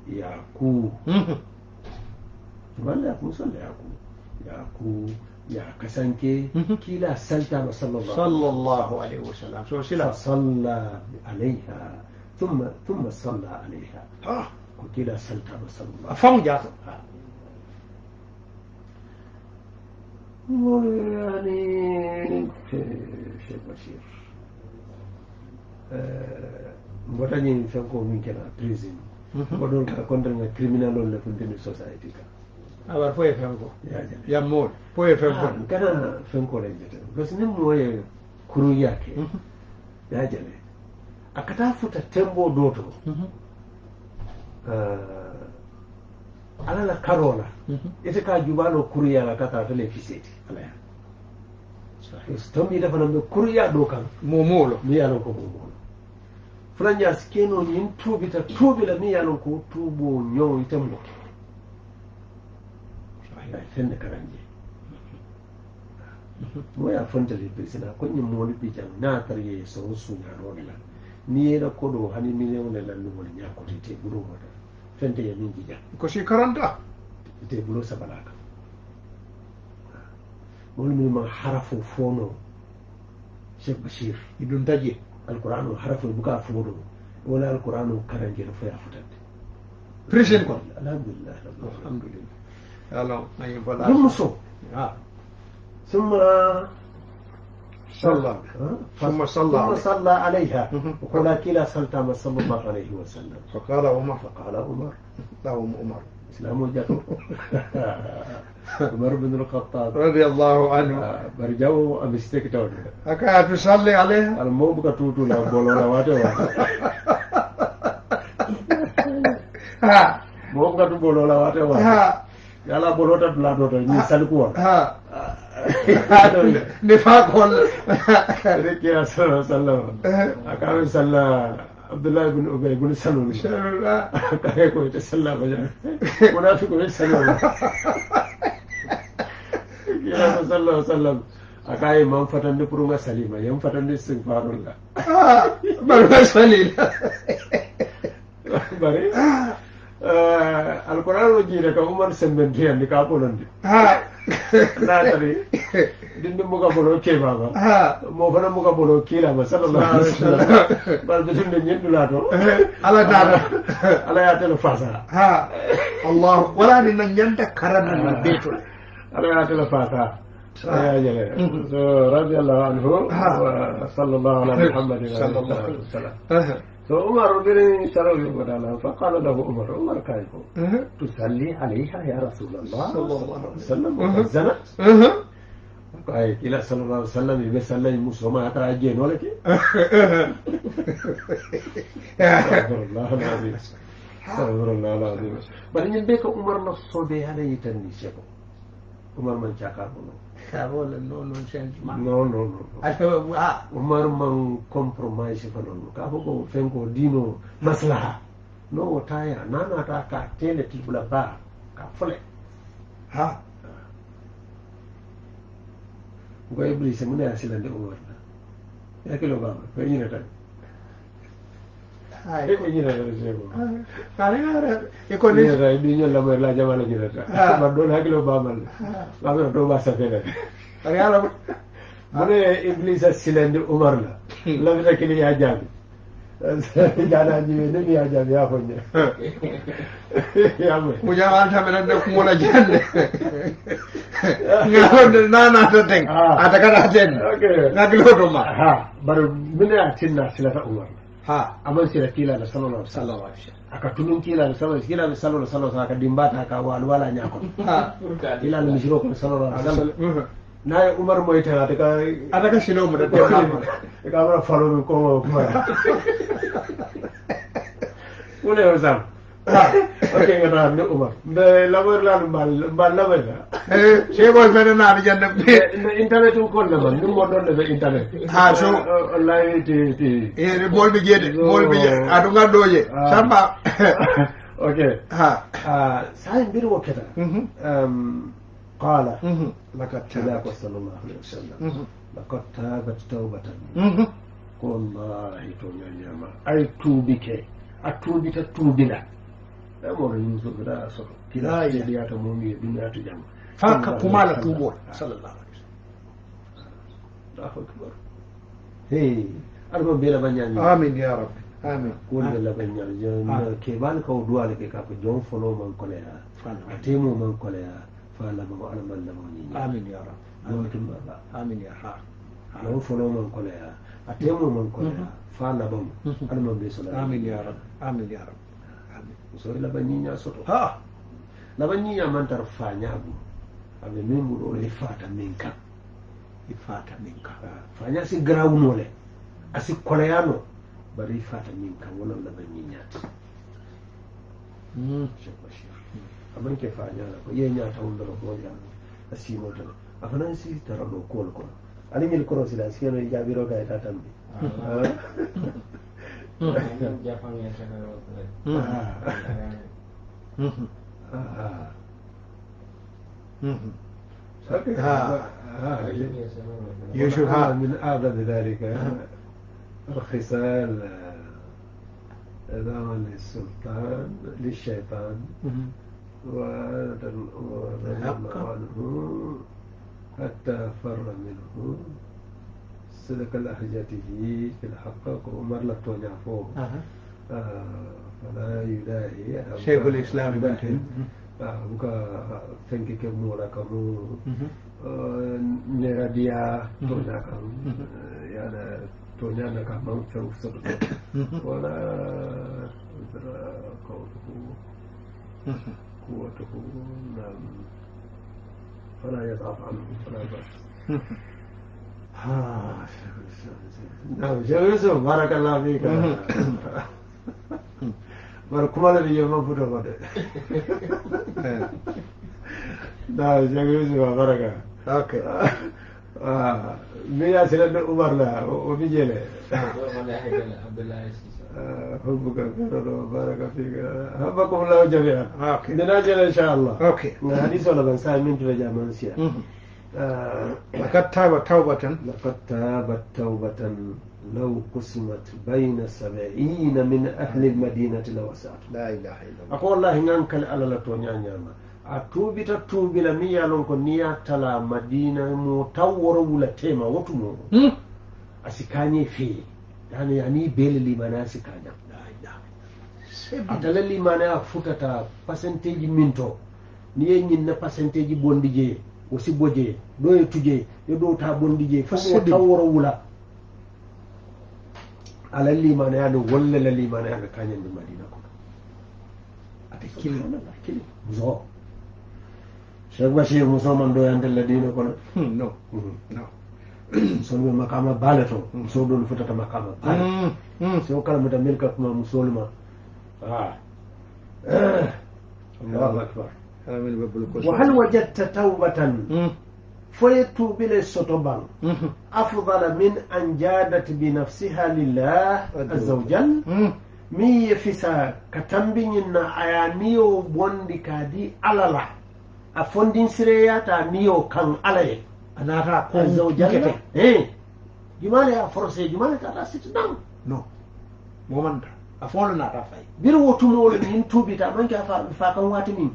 yaku wanda ya kusan da yaku yaku ya kasanke kila santa ba sallallahu alaihi wasallam so sila salla alaiha thumma thumma salla alaiha ko kila santa ba sallallahu famu ja يعني شيخ بشير آه mbotañin fenko min kena prison ko ɗon ka condamné criminal ol le funtini society ka awar fo e fenko yammool fo e fenko kana fenko la jete parce que nin kuru yake mhm. ya jale a kata futa tembo doto mhm. ah, mhm. ala la karola la ite ka jubalo kuruya la kata fele fiseti alaya tombi dafa na kuruya do kan momolo mi yalon ko momolo fulanja asikeno ñin tuubita tuubila miŋ ye a loŋ ko tuuboo ñoŋ ite mu ke ay fenne karanje mo ye a fontali pirisina ko ñiŋ moolu bi jaŋ niŋ a tara ye soro suñaanoo de la niŋ ye la kodoo hani miliyoŋo le la luŋolu ñaa koto ite buloo mo de fente ye miŋ jijaŋ kosi karanta ite buloo sabalaa kaŋ moolu minnu maŋ harafo foonoo cheikh bashir i dunta je القرآن حرف البكاء فورو ولا القرآن كرنج فيا فتات بريشين كون الحمد لله الحمد لله الله ما voilà ثم mu so صلى ثم صلى ثم صلى عليها وقال كلا ما صلى الله عليه وسلم فقال عمر فقال عمر لا عمر اسلام وجهه [laughs] عمر بن الخطاب رضي الله عنه برجعوا امستيك تاون هكا تصلي عليه المهم كتوتو لا بولونا واتو ها مهم كتو بولونا واتو ها يلا بولوتا بلادوتا ني سالكو ها نفاق ولا ركي رسول الله صلى الله عليه وسلم አብዱላህ ብን ኡበይ ብን ሰሉል ሸሩላ ካሄኮ የተሰላ በጃ ሙናፊቁ ሰሉላ kila sallallahu sallam akaye man fatandi pour nga salima yam fatandi sigfarulla barma ah, salila bari eh, alquran o jiire ka uman sembentiyandi ka ah. ɓolonde natari ɗin ɗum muka ɓolo kebama ah. mo fana muka ɓolo kilama sallallahu alih wa sallam bar jotunde ñenɗula to eh, ala tata ala ya tele fasa allahu wala ni na ñanta karanana betole على خلافاتها رضي الله عنه صلى الله على محمد صلى الله عليه وسلم فعمر بن تروي بدانا فقال له عمر عمر كيف تصلي عليها يا رسول الله صلى الله عليه وسلم وحزنا قال إلى صلى الله عليه وسلم يبي صلى المسلم أترى جين ولا كي استغفر الله العظيم استغفر الله العظيم بل ينبيك عمر نصو عليه ليتني Umar man caka kono wala no non changement non non non asababu ha Umar man compromise ko noon ka fo ko fenko dino maslaha no o taya nanata ka tele tibula ba ka fole ha ko iblis mun ya silande Umar ya kilo ba ko ñinata ಎಲ್ಲ ಜಮಾನಾಗಿರತ್ತ ದೊಡ್ಡ ಹಾಕಿಲ್ಲ ಬಾಬಲ್ಲ ಬಾಬಿ ದೊಡ್ಡ ಬಾಸಕ್ಕೆ ಪರಿಹಾರ ಮನೆ ಇಬ್ಲೀಸ್ ಹಚ್ಚಿಲ್ಲ ಅಂದ್ರೆ ಉಮರ್ಲ ಲಗ್ನಕ್ಕಿಲಿ ಯಾಜಾಬಿ janajiwene ni ajabi yafonye yamwe muja wanta menande kumona jande ngilaonde nana tateng atakata atenda ngakilotoma baro mine atinna silata umarna ha aman sira kila da sallallahu alaihi wasallam aka tunun kila da salo kila da sallallahu alaihi wasallam aka dimbata ka wa alwala nya ko ha kila al mishro ko salo alaihi wasallam na ya umar mai ta daga a daga shi mu da ta daga mara faro ko ko ko ne yau Okeygadaan [laughs] na Umar. nde laɓoyrelaano mbaal mbaal laɓoyra seebol fene naaɓe jannde nde internet um konde mon ɗum gonɗon ɗo ɓe internet ha so wallahi ti ti e bolɓe jeeɗe bolɓe aɗo nganndoje samba [laughs] ok ha sahi mbiri wo keta qala lakat tilako sallllahu alih wa sallam lakat tabat tawbatan ko wallahi to ñañama ay tuubike a tuubita tuubila amoro ñum sogoɗa soto kila ye ɗiyata mum ye ɗumyata jam fa ka kumala tuɓol sallllahu alih wa sallam allahu akbar hey aɗa ko mbiyla baññal amin ya rabbi amin kuurde labaññal jon keɓani kaw duwale ɓe ka ko jon fono man koleya a temo man koleya fa labago mo labañi amin ya rabbi jon timmaɗa amin ya ha jon fono man koleya a temo man koleya fa labamu alaman ɓe sola amin ya rabbi amin ya rabbi usori labanyinya soto ha ah! labanyinya mantar fanyagu abe ah, boh. mengu do le fata menka i fata menka ah, fanya si grawuno le asi koleyano bari i fata menka wala labanyinya mm shek bashir aban ke fanya la ko yenya tawndo ko ya asimo tan afanan si tarado kol ko ali ngel korosila siyano jabiro ga ita tambi يشوف من أعظم ذلك الخصال أذان للسلطان للشيطان وتنقض حتى فر منه سلك لحجته في الحق عمر لطونافو آه. فلا يداهي شيخ الاسلام ابن تيميه بكا فنك كم مورا كم آه، نراديا تونا كم يعني تونا نكام موتو سرطة ولا ترى قوته قوته نعم فلا يضعف عنه فلا يضعف nacam sheekh yuusuf baaraka allah fiika mar kumadan iyo ma fuda qodhe nacam sheekh yuusuf baraka okay miyaa sila umar laha omijele حبك خير وبارك فيك حبكم الله جميعا نناجل ان شاء الله اوكي الحديث ولا بنسى من تبجى منسيا لقد تاب توبة لقد تابت توبة لو قسمت بين سبعين من أهل المدينة لوسعت لا إله إلا الله أقول الله نعم كان على لتونيا نعم أتوبي تتوبي لمي يالونك نية تلا مدينة متورة ولا تيما وتمو أسكاني في يعني يعني بيل لي مناسك أنا لا إله إلا الله أتلا لي منا فتتا percentage منتو نيا نينا percentage بوندي o sibbo jeeye ɗo e tujeeye yo ta bonɗi jeeye tan woro wula ala limana yaade wollala limana yaade kañande madina kono ata kilaa kili muso cheikh bachir muso man ɗo yandella dina kono non non makama baale to hmm. muso ɗon fotata makama baale hmm, hmm. so kala mata milkatuma musolma a ah. allahu akbar wa hal wajadta tawbatan hmm. foye tuubile soto baŋ hmm. afdala min an jadat binafsiha lillah aza wajal hmm. miŋ ye fisa ka tambi ñiŋ na a ye niyo bondi ka di ala la a fondinsireyaata niyo kaŋ ala ye a naata aza wajalla eh. jumale a forcé jumale tata siti naŋ non momanta a fo lo naata fayi biri wo tumoolu tuubita manke a fa kaŋ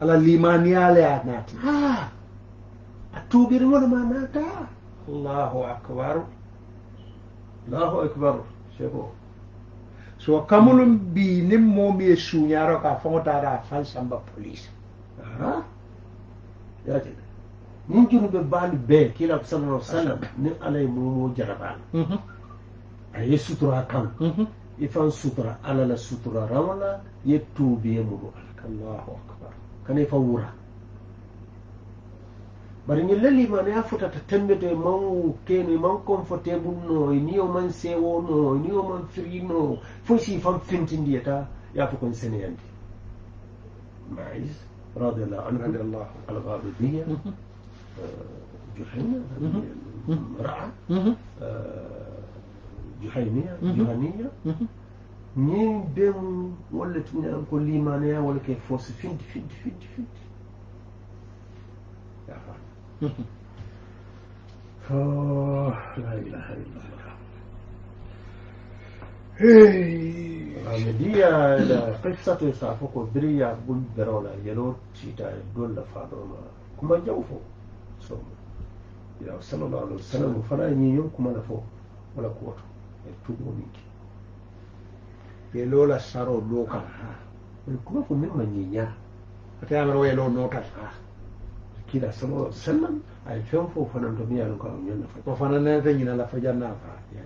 ala limaniale anati ha atubiri wona manata allahu akbar allahu akbar shebo so kamul bi nim momi e suñaro ka da fan samba police yate nin junuɓe baani be kiila sallallahu sallam ni alay e mumo hmm a ye sutura kan mhm. i fan sutura ala la sutura rawala ye tuubiye mulu ala allahu akbar kane fa wura bari ñin lali mana ya futata tembito e man keno e man confortable no e ni o man sewo no e ni o man firi no fo si fan fintindiyata yafo kon seneyandi mais radiallahu anhu radiallahu algabidiyya جحيمية امرأة جحيمية جهنية ñiŋ dem wala ci ñaan ko limaniya force ke fosi finti finti ya fa yafa [laughs] la ilaha illallah amediya la qissatu safo ko briya bul beroo la ci ta doolu la do ma kuma jaw fo so ya sallallahu alaihi wasallam fana ñi yoŋ kuma la fo wala kuwoto e tu niŋ ni ye loola saroo doo kaŋ kuma ko min ma ñiiñaa ate ye a mara wo ye loo nootata kiila sallallahu ay feŋ fo fanaŋ to miŋ ye a loŋ ko a wo ñoŋ nafa ñina la fajar naa faa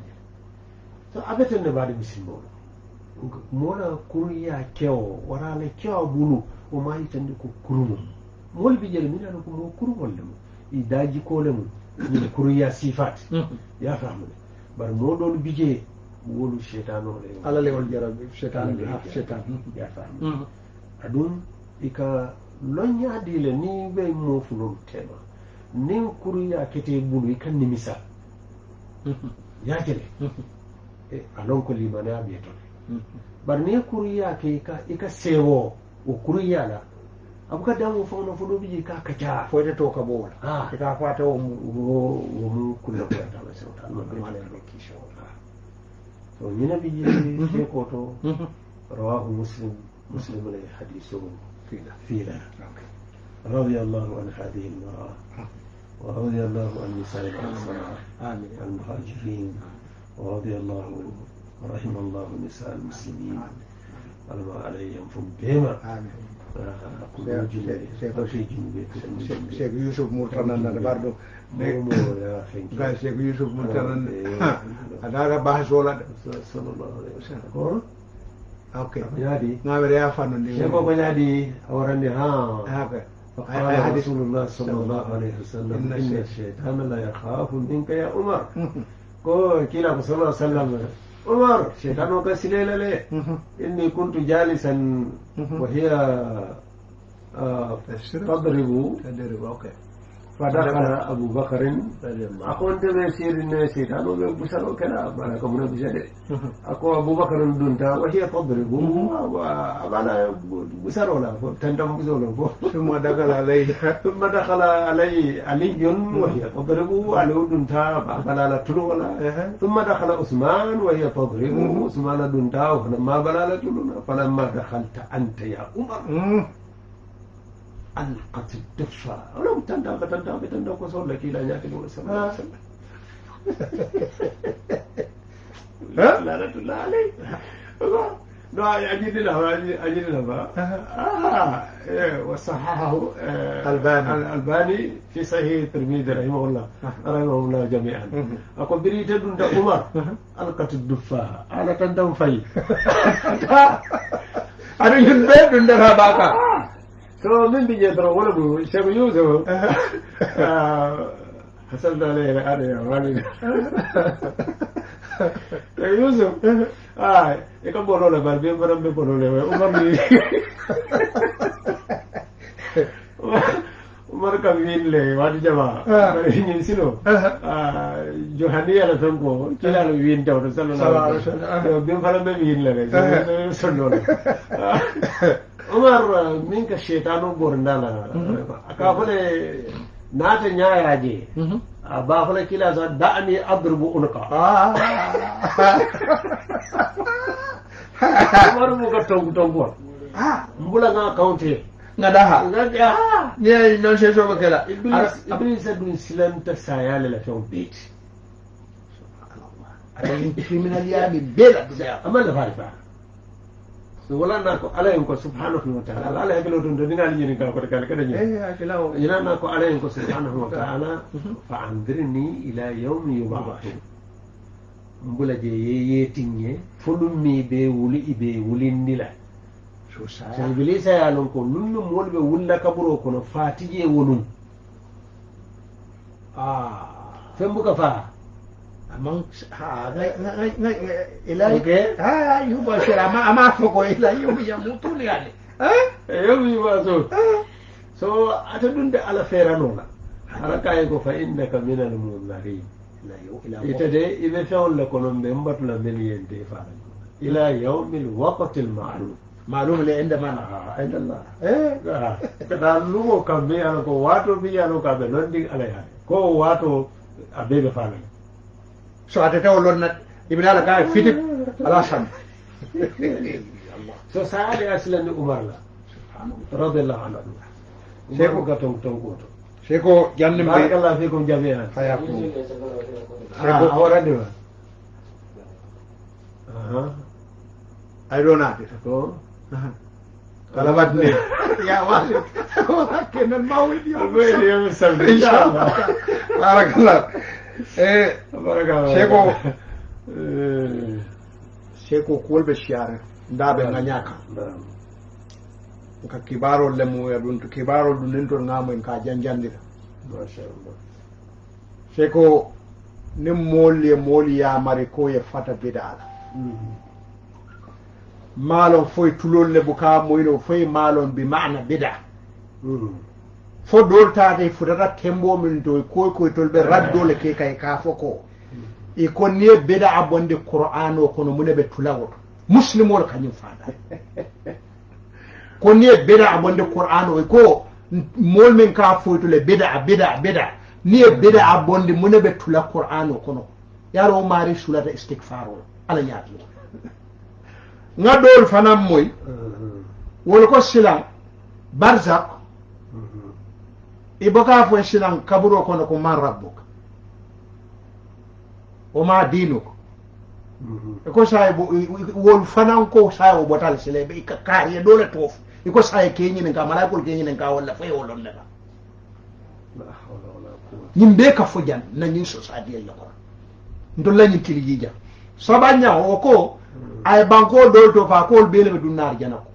so a ne baadi misimboo la moo la kuruyaa kewo wara la kewa bulu wo maa yitandi ko kurumo moolu bi jele miŋ ye ko moo kurumol le mu i daajikoo le mu ñu kuruyaa siifaati ye a faamu le bari moo doolu bi wolu shetanoo le ala lewol jara shetan jata aɗum ika loññaadi le ni ɓe mofunolu tema nin kuruya kete bulu i ka nimisa e alon ko limanaya ɓe tole bari ni kuruya ke i ka sewo o kuruya la abu ka damu fo na fudu biji ka kaca fo de to ka bola ah ita fata wo mu o mu kullu ta ba sai ta no ma le ne ki shawo ومن بيجي شيكوتو رواه مسلم مسلم لي حديثه فيلا رضي الله عن هذه المرأة آه. ورضي الله عن نساء الأنصار المهاجرين ورضي الله ورحم الله نساء المسلمين الله عليهم فبهما آه، شيخ يوسف مرتنا برضه قال الشيخ يوسف مثلا هذا بحث ولا صلى الله عليه وسلم اوكي ينادي نعم يا فن شباب ينادي اورني ها هذا فقال رسول الله صلى الله عليه وسلم ان الشيطان لا يخاف منك يا عمر قول كلا صلى الله عليه وسلم عمر شيطان وكسليل لي اني كنت جالسا وهي تضرب تضرب اوكي fadakala aboubacarin akonte ɓe seedine seytano ɓe busano kela bala kamuna busade ako aboubacarin dunta wahiya tadribu abana busanola fo tantam busola fo summa dakala alay summa dakala alay aliyun wahiya tadribu aliu dunta balala tulu wala summa dakala usman wahiya tadribu hmm. usmana dunta hona ma balala tuluna falamma dakalta anta ya umar hmm. ألقت الدفة ولو تندق تندق تندق وصل لك إلى جاك الوسم سمع [laughs] لا لا لا لا أجد له أجد له آه إيه، وصححه آه، الباني الألباني في صحيح الترمذي رحمه الله رحمه الله جميعا أقول بريد أن عمر ألقت الدفة على تندم في [laughs] أنا ينبه دون دفاة سواء من بيجي يضرب ولا ابوه الشيخ يوسف حسبت عليه انا يا راجل الشيخ يوسف اه يكون بولولا بل بين برم بولولا ومرمي umar kam winle wadi jama ñin silo johani ala tan ko kilalo win tawto sallallahu alaihi wasallam bin fala be winle le sonno umar min ka shetano gorinda la mm-hmm. ka fule na ta nya yaje mm-hmm. a ba fule kila za da ani adrubu unka [laughs] ah. umar mu ka tongu tongu ah. mbula nga kaunte nga daha nga ya ne non she so bakela iblis iblis ibn silam ta sayale la fion beti subhanallah ada criminal ya be bela amma la farifa wala na ko ala en ko subhanahu wa ta'ala ala hakilo ɗum ɗo ndinali jini ka koto kala kada ila na ko ala en ko subhanahu wa ta'ala mhm. fa andirni ila yawmi yubahin mbula je yeyetinŋe mi be wuli iɓe wulindila so ibilisa ya lon ko nunnu moolu ɓe wulla kaburo kono fatije wonum ah. fembuka faa amongst ha na ila okay. ha yu ba shira ama ama foko ila yu ya mutuli ale eh yu yu ba so so atadun da ala fera nona haraka yako fa innaka minal munzarin ita dai ibe fewon la konon be mbatu la mel yente fa ila yawmil waqtil ma'lum ma'lum le inda man inda Allah eh kada lugo kambe ko wato biya no kabe londi ala ya ko wato abebe fa سعادته ولنا ابن على قاعد فتك على صن so saaɗe asilande oumar la radiallahu anhu seko ga ton ton goto seko janne barakallah feko jabe an hayako seko awarandema ayɗo naate ko kala wadne ya wasit wala kenan mawɗi yo ɓeyde yomi sabdi inchallah barakallah seko seko kuwol siyara ndaɓe gañaka ka baro le muya ɗum to kibarol ɗum nen cá, gamoen ka janjandira Chegou. nin mole e mole a ko ye fata bidaala maalon foi tulol le buka moyno foye maalon bi mana bida foɗoltade fotata tembomin to koy koye tol ɓe raddole eh. kekaye kafo ko e konniye beda abonde qouran o kono mune ɓe tulawoto muslime ol kañum fanda konniye beda abonde qouran o ko molmin ka foytole beda beda beda ni e beda abonde mune ɓe tula qouran o kono yaro o mari sulata istigfar o ala ñaatio ngaddowol fanan moy mm-hmm. wol ko silan barzak iboka fo sinan kaburo kono ko man rabbuk o ma dinuk mhm. sa saye wol fanan ko saye o botal sile be ka ye dole tof iko saye keñinen ka malaikol keñinen ka wala fe wala ne ba nim be ka fo jan na ñin société le ko ndolla ñin tili jija ba nya o ko mhm. ay banko dol to fa ko be le dunnar janako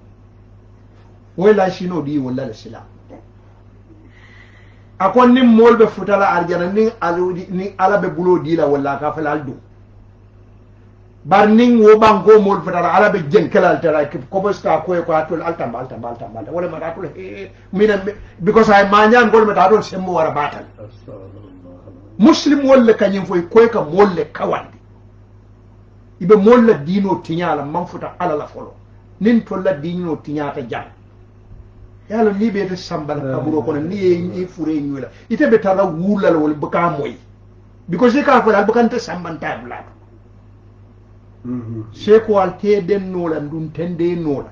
wala shino di wala islam akon ni mool be futala arjana aludi ni ala be buloo diila walla a ka fela al dum bar ni wo banko mool futala ala be jenkela al tara koboska koye ko atol al tamba al tamba al tamba wala mata atol mina because ay mañan gol mata atol semmo wara batal muslim wolle kañum foy koye ka molle kawandi iɓe molla diino tiñala man futa ala la folo nin tolla diino tiñata jam yala ni be te sambal kaburo kono ni ye ni fure nyula ite be tara wulal wol baka moy because e ka fala baka te samban mhm. tabla seko al te den nola dun tende nola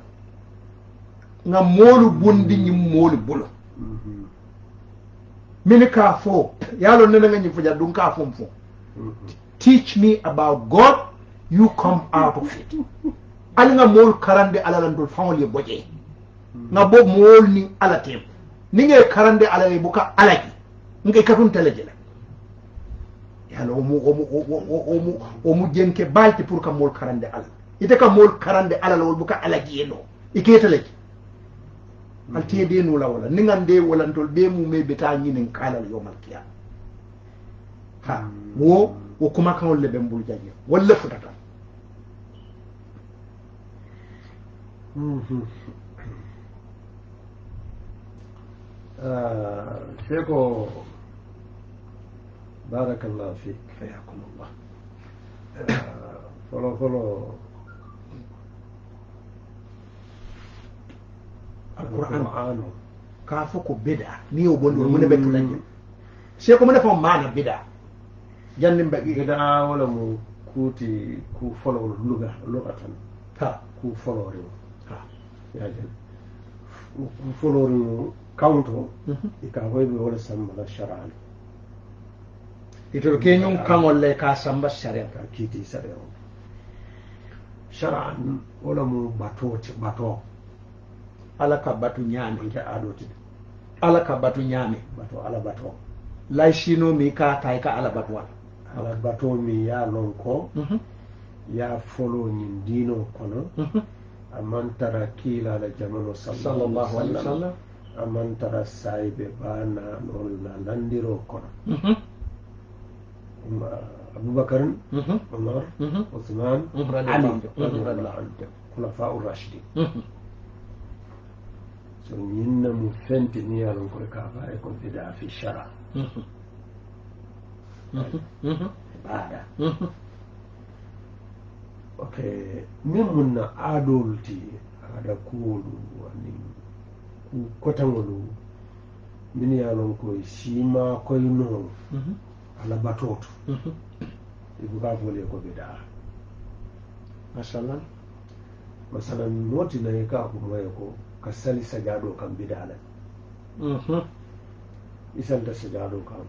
nga molu bondi ni molu bulo mini mhm. ka fo yalo nena nga nyifuja dun ka fo mfo mhm. teach me about god you come out of it [laughs] al nga molu karande alalandul fawli boje nga bo mool ni alatem ni ngay karande ala e buka alaki ngay e katuntele jela yala omu omu omu omu jenke balti pour kam mool karande ala ite kam mool karande ala lawol buka alaki e no i ketalaki mm-hmm. alte de nula wala ni ngan de wolantol ɓe mume ɓeta ñinen kalal yomal kiya ha mm-hmm. wo wo kuma kawol le ɓen mbuljaƴe wolle futata mm-hmm. آه شيكو بارك الله فيك حياكم الله آه فلو فلو القرآن, القرآن. كافوكو بدع نيو بولو من بيتلاني شيكو من فهم معنى بدع جنن بقي بدع ولا مو كوتي كو فلو لغة لغة ها كو فلو ريو ها يا جن فلو ريو Mm-hmm. kawnto i ka hoyɓe wole sambala charan itoro keñum kaŋol le ka samba sariya ka kiiti sariya o charan wala mu batoti bato ala ka batu ñaami ke aɗotide ala ka batu ñaami bato ala bato lay sino mi ka tay ka ala batu wala ala bato mi ya lon ko mm-hmm. ya folo ñin diino kono mm-hmm. amantara kiilala jamano sallallahu alaihi wa amantara tara sayɓe bana noon la nandiro kono aboubacar omar ouhman ali radiallahu anu deb hulafa u so ñinna mu fenti ni yalon koye ka faye kon fida fi chara mm-hmm. mm-hmm. mm-hmm. baɗa ok min munna aadolti aada kuolu anin kotaŋolu minnu ye a loŋ ko siima koyinoo mm-hmm. a la batoo to mm-hmm. i buka a foolu ye ko bidaa masalan masalan noo tina i ka a kuma ye ko ka sali sajaadoo kaŋ bidaa le mm-hmm. i salita sajaadoo kaŋ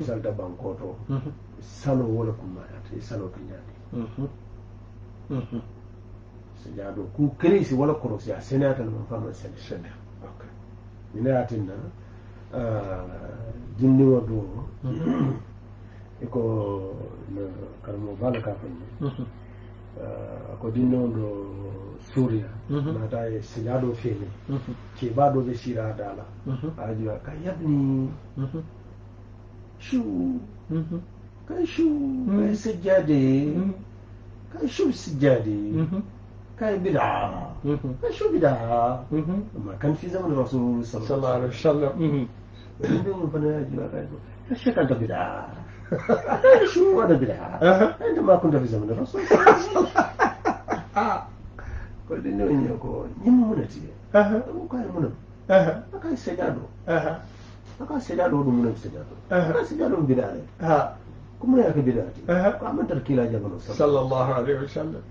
i salita bankoo to saloo wo le kunmaayata i saloo ki ñaadi sajaadoo kuu kiliisi wala le korosi a seneyaata le maŋ faamaŋ sali sene minayatinna ah, mm-hmm. mm-hmm. ah, jinniŋo doo i ko karamoo baa bala ka fo ñe a ko jinniŋo do suuriya naata mm-hmm. ye siñaa doo feene ceebaa doo be siira a daa a ye juya ka yabni shuu ka shuu ka sijjaade ka shuu sijjaade كان بدعة شو بدعة؟ ما كان في زمن الرسول صلى الله عليه وسلم ربنا الشيء كانت بدعة [laughs] يعني شو هذا بدعة؟ أنت ما كنت في زمن الرسول قلت إنه إني أقول نمو منتي وكان منم أكاي سجادو أكاي سجادو هو منم سجادو أكاي سجادو بدعة كم يا أخي بدعتي؟ كم أنت الكلا جبل صلى الله عليه وسلم [laughs]